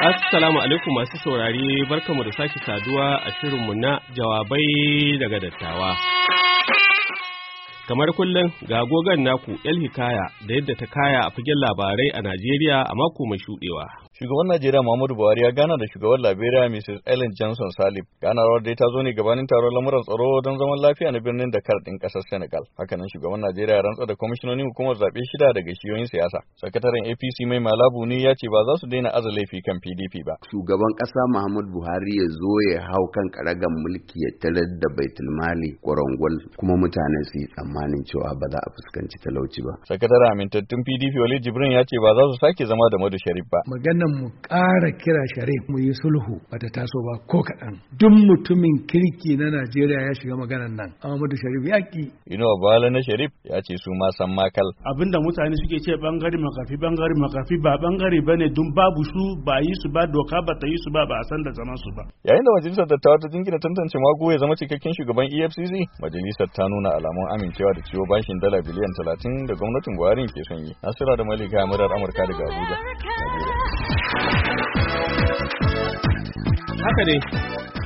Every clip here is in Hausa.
Assalamu alaikum masu saurari barkamu da sake saduwa a shirinmu na jawabai daga dattawa. kamar kullum ga gogan naku El Hikaya da yadda ta kaya a fagen labarai a Najeriya a mako mai shudewa. Shugaban Najeriya Muhammadu Buhari ya gana da shugaban Liberia Mrs. Ellen Johnson Salib. gana dai ta zo ne gabanin taron lamuran tsaro don zaman lafiya na birnin Dakar din kasar Senegal. Hakanan shugaban Najeriya ya rantsa da kwamishinonin hukumar zaɓe shida daga shiyoyin siyasa. Sakataren APC mai malabu ne ya ce ba za su daina aza laifi kan PDP ba. Shugaban ƙasa Muhammadu Buhari ya zo ya hau kan karagan mulki ya tarar da baitulmali kwarangwal kuma mutane su yi tsamma. tsammanin cewa ba za a fuskanci talauci ba. Sakataren amintattun PDP Wali Jibrin ya ce ba za su sake zama da Madu Sharif ba. Maganar mu ƙara kira Sharif mu yi sulhu ba ta taso ba ko kaɗan. Duk mutumin kirki na Najeriya ya shiga maganar nan. Amma Madu Sharif ya ki. Ino Bala na Sharif ya ce su ma san makal. Abinda mutane suke ce bangare makafi bangare makafi ba bangare bane dun babu su ba yi su ba doka ba ta yi su ba ba a san da zaman su ba. Yayin da majalisar dattawa ta jingina tantance mago ya zama cikakken shugaban EFCC majalisar ta nuna alamun amince cewa da ciwo bashin dala biliyan talatin da gwamnatin buhari ke son yi nasira da malika murar amurka daga abuja haka ne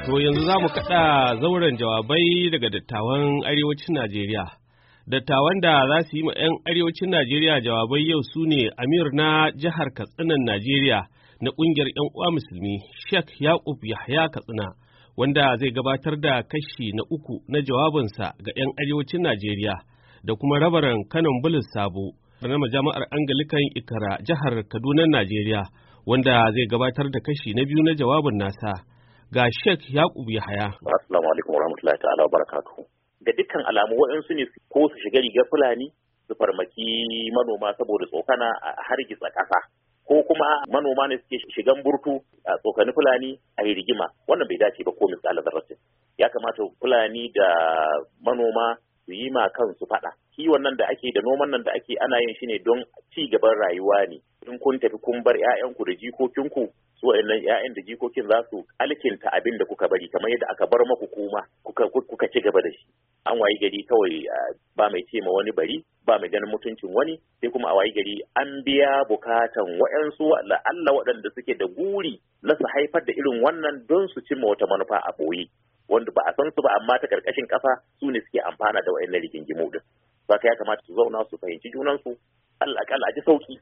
to yanzu za mu kaɗa zauren jawabai daga dattawan arewacin najeriya dattawan da za su yi ma 'yan arewacin najeriya jawabai yau su ne amir na jihar katsinan najeriya na ƙungiyar 'yan uwa musulmi sheikh yakub yahya katsina wanda zai gabatar da kashi na uku na jawabinsa ga 'yan arewacin Najeriya da kuma rabaran kanan bulus sabo na majami'ar Anglican Ikara jihar Kaduna Najeriya wanda zai gabatar da kashi na biyu na jawabin nasa ga Sheikh Yakubu Yahaya. Assalamu alaikum warahmatullahi ta'ala barakatuhu. Da dukkan alamu waɗansu ne ko su shiga rigar Fulani su farmaki manoma saboda tsokana a hargitsa ƙasa. ko kuma manoma ne suke shigan burtu a tsokani fulani a yi rigima wannan bai dace ba ko misali zarratin ya kamata fulani da manoma su yi ma kansu faɗa kiwon nan da ake da noman nan da ake ana yin shi ne don ci gaban rayuwa ne in kun tafi kun bar 'ya'yanku da jikokinku su wa'annan 'ya'yan da jikokin za su alkinta abin da kuka bari kamar yadda aka bar maku kuma kuka ci gaba da shi an wayi gari kawai ba mai ce ma wani bari ba mai ganin mutuncin wani sai kuma a wayi gari an biya bukatan wa'yansu Allah waɗanda suke da guri na su haifar da irin wannan don su cimma wata manufa a boye wanda ba a san su ba amma ta karkashin kasa su ne suke amfana da wa'annan rigingimu din. Saka ya kamata su zauna su fahimci junansu, Allah a ji sauki.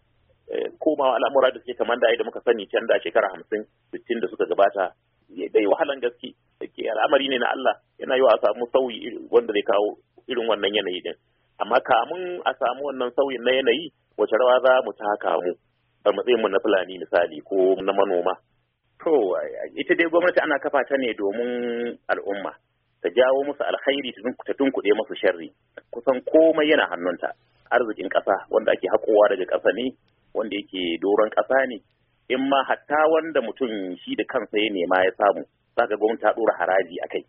Eh, komawa al'amura da suke kamar da ai da muka sani can da shekara hamsin sittin da suka gabata dai wahalan gaske ke al'amari ne na Allah yana yiwa a samu sauyi wanda zai kawo irin wannan yanayi din amma kamun a samu wannan sauyin na yanayi wace rawa za mu taka mu a matsayin mu na fulani misali ko na manoma to ita dai gwamnati ana kafa ta ne domin al'umma ta jawo musu alkhairi ta tunkuɗe musu sharri kusan komai yana hannunta arzikin ƙasa wanda ake haƙowa daga ƙasa ne wanda yake doron ƙasa ne in ma hatta wanda mutum shi da kansa ya nema ya samu za ka gwamnati ta ɗora haraji a kai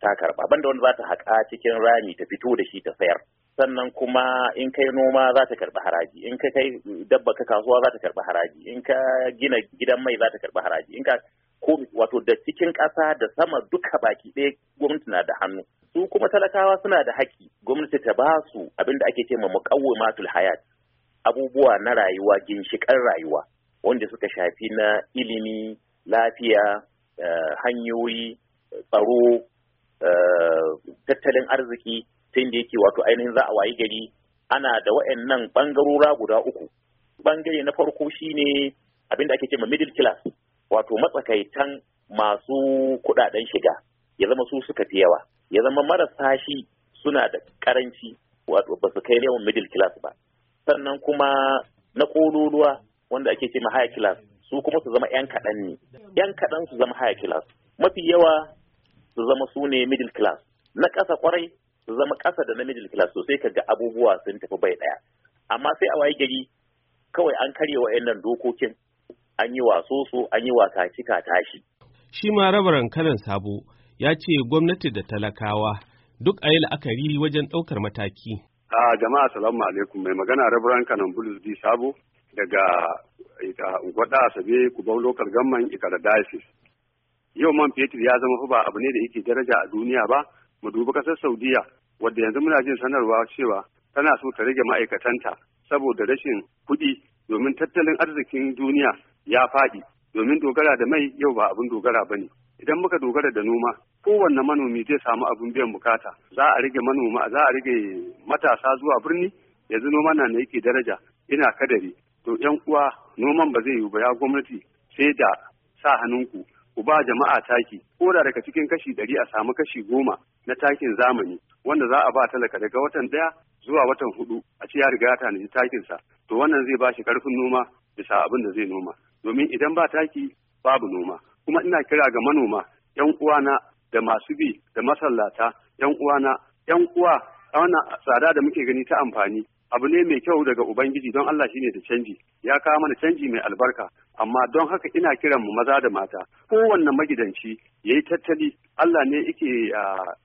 ta karɓa banda wanda za ta haƙa cikin rami ta fito da shi ta sayar sannan kuma in kai noma za ta karɓi haraji in ka kai dabba ka kasuwa za ta karɓi haraji in ka gina gidan mai za ta karɓi haraji in ka ko wato da cikin ƙasa da sama duka baki ɗaya gwamnati na da hannu su kuma talakawa suna da haƙƙi gwamnati ta ba su abin da ake ce ma muqawwimatul hayat abubuwa na rayuwa ginshiƙan rayuwa wanda suka shafi na ilimi lafiya eh, hanyoyi tsaro eh, tattalin arziki ta da yake wato ainihin za a wayi gari ana da waɗannan ɓangarora guda uku bangare na farko shine abin da ake cewa middle class wato matsakaitan masu kuɗaɗen shiga ya zama su suka fi yawa ya zama marasa shi suna da karanci wato ba su kai yawan middle class ba sannan kuma na kololuwa wanda ake ce ma higher class su kuma su zama 'yan kaɗan ne 'yan kaɗan su zama higher class mafi yawa su zama su ne middle class na ƙasa kwarai su zama ƙasa da na middle class sosai ka ga abubuwa sun tafi bai ɗaya amma sai a waye gari kawai an karye wa'annan dokokin an yi waso so an yi wasa cika tashi shi ma rabaran kalan sabo ya ce gwamnati da talakawa duk a yi la'akari wajen ɗaukar mataki A jama'a salamu alaikum mai magana Rabran Kanan Bulus Di Sabo daga Gwada ku Kubau Lokal Gamman Ikara Diocese. Yau man fetur ya zama ba abu ne da yake daraja a duniya ba mu dubi kasar Saudiya wadda yanzu muna jin sanarwa cewa tana so ta rage ma'aikatanta saboda rashin kuɗi domin tattalin arzikin duniya ya faɗi domin dogara da mai yau ba abin dogara ba ne idan muka dogara da noma kowanne manomi zai samu abin biyan bukata za a rage manoma za a rage matasa zuwa birni yanzu noma na yake daraja ina kadari to yan uwa noman ba zai yiwu ba ya gwamnati sai da sa hannunku ku ba jama'a taki ko da daga cikin kashi ɗari a samu kashi goma na takin zamani wanda za a ba talaka daga watan ɗaya zuwa watan huɗu, a ce ya riga ya tanaji takinsa to wannan zai ba shi ƙarfin noma bisa abin da zai noma domin idan ba taki babu noma kuma ina kira ga manoma yan uwana da masu bi da masallata yan uwana yan uwa a wannan tsada da muke gani ta amfani abu ne mai kyau daga ubangiji don Allah shi ne da canji ya kawo mana canji mai albarka amma don haka ina kiran mu maza da mata kowanne magidanci ya yi tattali Allah ne yake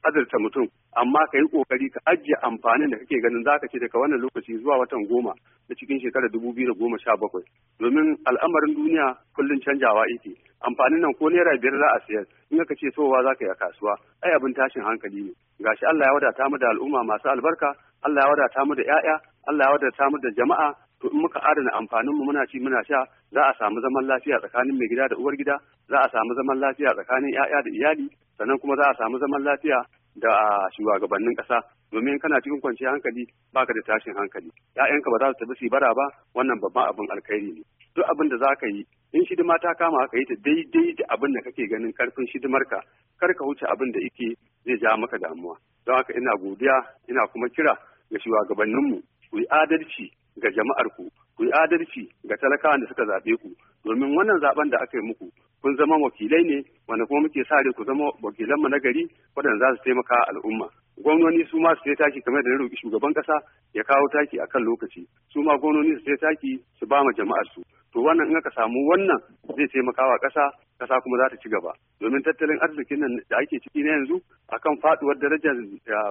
azurta mutum amma ka yi kokari ka ajiye amfanin da kake ganin zaka ce daga wannan lokaci zuwa watan goma na cikin shekarar dubu biyu da goma sha bakwai domin al'amarin duniya kullum canjawa yake amfanin nan ko naira biyar za a siyar in aka ce sowa za ka yi a kasuwa ai abin tashin hankali ne gashi Allah ya wadata mu da al'umma masu albarka Allah ya wadata mu da 'ya'ya Allah ya wadata samar da jama'a to in muka adana amfaninmu muna ci muna sha za a samu zaman lafiya tsakanin mai gida da uwar gida za a samu zaman lafiya tsakanin 'ya'ya da iyali sannan kuma za a samu zaman lafiya da shugabannin ƙasa domin kana cikin kwanciyar hankali baka da tashin hankali ƴaƴanka ba za su tafi su bara ba wannan babban abin alkhairi ne duk abin da za ka yi in shidima ta kama ka yi ta daidai da abin da kake ganin karfin shidimarka kar ka wuce abin da yake zai ja maka damuwa don haka ina godiya ina kuma kira ga shugabanninmu ku yi adalci ga jama'ar ku ku yi adalci ga talakawan da suka zaɓe ku domin wannan zaben da aka yi muku kun zama wakilai ne wanda kuma muke sa ku zama wakilan mu na gari waɗanda za su taimaka al'umma gwamnoni su ma su je taki kamar da na roƙi shugaban ƙasa ya kawo taki akan lokaci su ma gwamnoni su je taki su ba ma jama'ar su to wannan in aka samu wannan zai taimaka wa ƙasa ƙasa kuma za ta ci gaba domin tattalin arzikin nan da ake ciki na yanzu akan faduwar darajar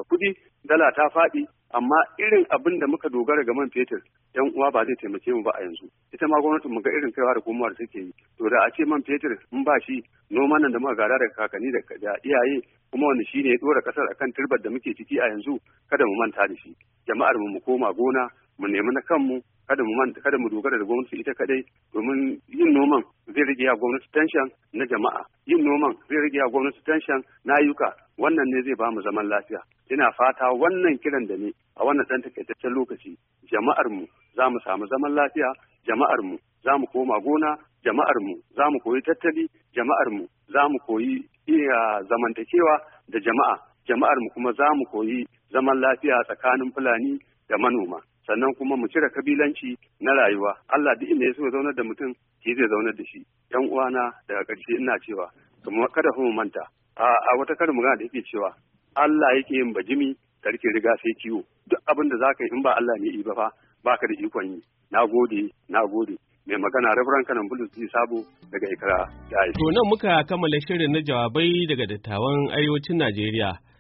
kuɗi dala ta faɗi amma irin abin da muka dogara ga man fetur yan uwa ba zai taimake mu ba a yanzu ita ma gwamnatin mu ga irin kaiwa da komawar suke yi to da a ce man fetur in ba shi noman nan da muka gada daga kakanni da iyaye kuma wanda shine ya dora kasar akan turbar da muke ciki a yanzu kada mu manta da shi jama'ar mu mu koma gona mu nemi na kanmu kada mu kada mu dogara da gwamnati ita kadai domin yin noman zai rage ya gwamnati tension na jama'a yin noman zai rage ya gwamnati tension na ayyuka wannan ne zai ba mu zaman lafiya ina fata wannan kiran da ne a wannan dan takaitaccen lokaci jama'ar mu za mu samu zaman lafiya jama'ar mu za mu koma gona jama'ar mu za mu koyi tattali jama'ar mu za mu koyi iya zamantakewa da jama'a jama'ar mu kuma za mu koyi zaman lafiya tsakanin fulani da manoma sannan kuma mu cire kabilanci na rayuwa Allah duk inda ya so zaunar da mutum shi zai zaunar da shi yan uwana daga ƙarshe ina cewa kuma kada mu manta a wata karin magana da yake cewa Allah yake yin bajimi sarki riga sai kiwo duk abin da zaka yi in ba Allah ne yi ba fa baka da ikon yi Na gode, na gode. mai magana Reverend Kanan Bulus Ji Sabo daga Ikra. To nan muka kammala shirin na jawabai daga dattawan arewacin Najeriya.